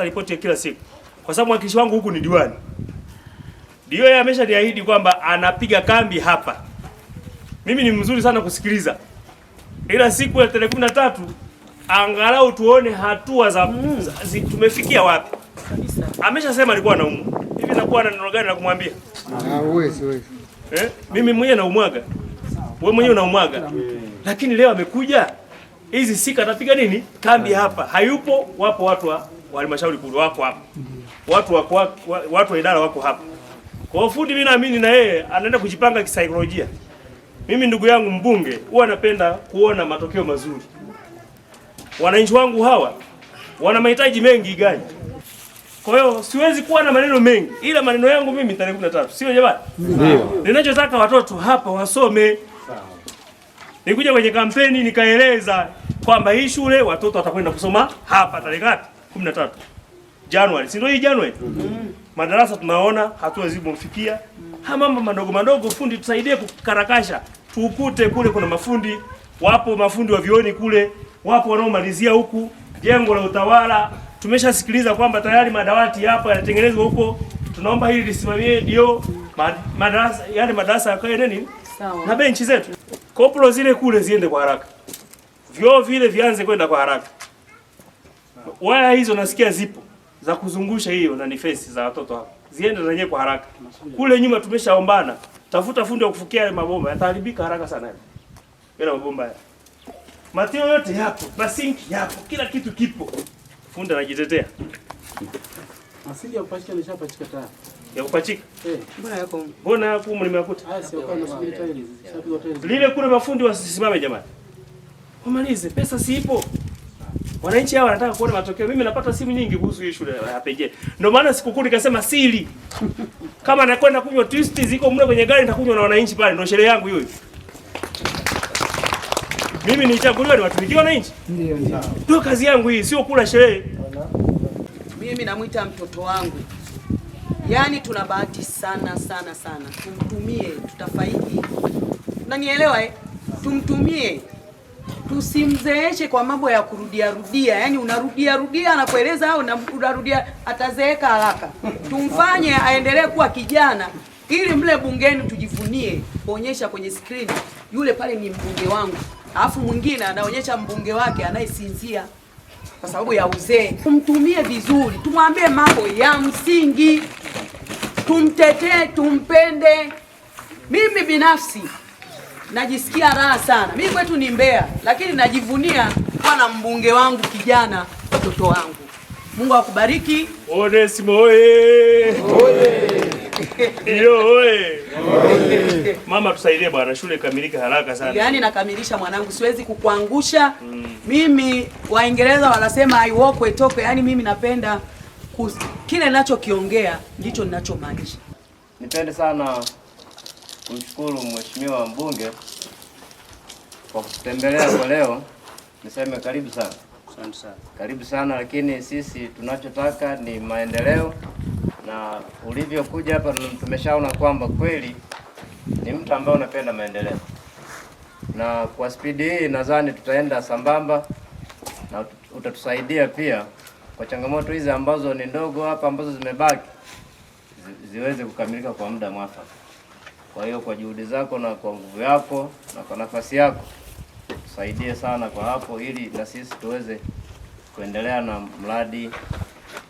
Ripoti ya kila siku kwa sababu mwakilishi wangu huku ni diwani. Ndio ameshaniahidi kwamba anapiga kambi hapa. Mimi ni mzuri sana kusikiliza, ila siku ya tarehe kumi na tatu angalau tuone hatua za, mm, za zi, tumefikia wapi. Ameshasema alikuwa anaumwa hivi, nakuwa na neno gani la kumwambia? Ah, uwezi uwezi, eh, mimi mwenyewe naumwaga, wewe mwenyewe unaumwaga, lakini leo amekuja hizi sika atapiga nini kambi hapa, hayupo, wapo watu wa halmashauri kuu wako hapa, watu wako, watu wa idara wako hapa. Kwa hiyo fundi, mimi naamini na yeye anaenda kujipanga kisaikolojia. Mimi ndugu yangu mbunge, huwa napenda kuona matokeo mazuri. Wananchi wangu hawa wana mahitaji mengi gani? Kwa hiyo siwezi kuwa na maneno mengi, ila maneno yangu mimi tarehe 13, sio jamani? Ndio. Ninachotaka watoto hapa wasome. Nikuja kwenye kampeni nikaeleza kwamba hii shule watoto watakwenda kusoma hapa tarehe ngapi? 13 Januari, si ndio hii Januari? Mm. -hmm. Madarasa tunaona hatuwezi mm -hmm. mambo madogo madogo, fundi tusaidie kukarakasha. Tukute kule kuna mafundi, wapo mafundi wa vioni kule, wapo wanaomalizia huku jengo la utawala. Tumeshasikiliza kwamba tayari madawati hapa yanatengenezwa huko. Tunaomba hili lisimamie dio madarasa yale madarasa yakae nini? Sawa. Na benchi zetu. Koplo zile kule ziende kwa haraka. Vyoo vile vianze kwenda kwa haraka. Waya hizo nasikia zipo za kuzungusha hiyo na nifesi za watoto hapo, ziende zenyewe kwa haraka. Kule nyuma tumeshaombana, tafuta fundi wa kufukia yale mabomba, yataharibika haraka sana yale. Yale mabomba haya. Matio yote yapo, masinki yapo, kila kitu kipo. Fundi anajitetea masinki ya kupachika nishapachika tayari ya kupachika eh, mbona yako, mbona yako huko nimekuta ah, lile kule. Mafundi wasisimame jamani, wamalize pesa, si Wananchi hawa wanataka kuona matokeo. Mimi napata simu nyingi kuhusu hii shule ya Peje. Ndio maana sikukuu nikasema siri. Kama nakwenda kunywa twist ziko mle kwenye gari nitakunywa na wananchi pale, ndio sherehe yangu hiyo. Mimi nichaguliwa niwatumikie wananchi. Ndio ndio. Ndio kazi yangu hii, sio kula sherehe. Mimi namwita mtoto wangu. Yaani tuna bahati sana sana sana. Tumtumie, tutafaidi. Unanielewa eh? Tumtumie tusimzeeshe kwa mambo ya kurudia rudia, yaani unarudia rudia anakueleza au unarudia, atazeeka haraka. Tumfanye aendelee kuwa kijana, ili mle bungeni tujivunie kuonyesha kwenye skrini yule pale ni mbunge wangu, alafu mwingine anaonyesha mbunge wake anayesinzia kwa sababu ya uzee. Tumtumie vizuri, tumwambie mambo ya msingi, tumtetee, tumpende. Mimi binafsi najisikia raha sana. Mimi kwetu ni Mbeya, lakini najivunia kuwa na mbunge wangu kijana, watoto wangu. Mungu akubariki. Onesimo oye! Iyo oye! Mama, tusaidie bwana, shule ikamilike haraka sana. Yaani nakamilisha mwanangu, siwezi kukuangusha. Mm. Mimi Waingereza wanasema I walk we talk, yaani mimi napenda kus... kile ninachokiongea ndicho ninachomaanisha. Nipende sana kumshukuru mheshimiwa mbunge kwa kututembelea kwa leo. Niseme karibu sana. Asante sana. Karibu sana lakini sisi tunachotaka ni maendeleo, na ulivyokuja hapa tumeshaona kwamba kweli ni mtu ambaye unapenda maendeleo, na kwa spidi hii nadhani tutaenda sambamba na utatusaidia pia kwa changamoto hizi ambazo ni ndogo hapa ambazo zimebaki ziweze kukamilika kwa muda mwafaka. Kwa hiyo kwa juhudi zako na kwa nguvu yako na kwa nafasi yako tusaidie sana kwa hapo, ili na sisi tuweze kuendelea na mradi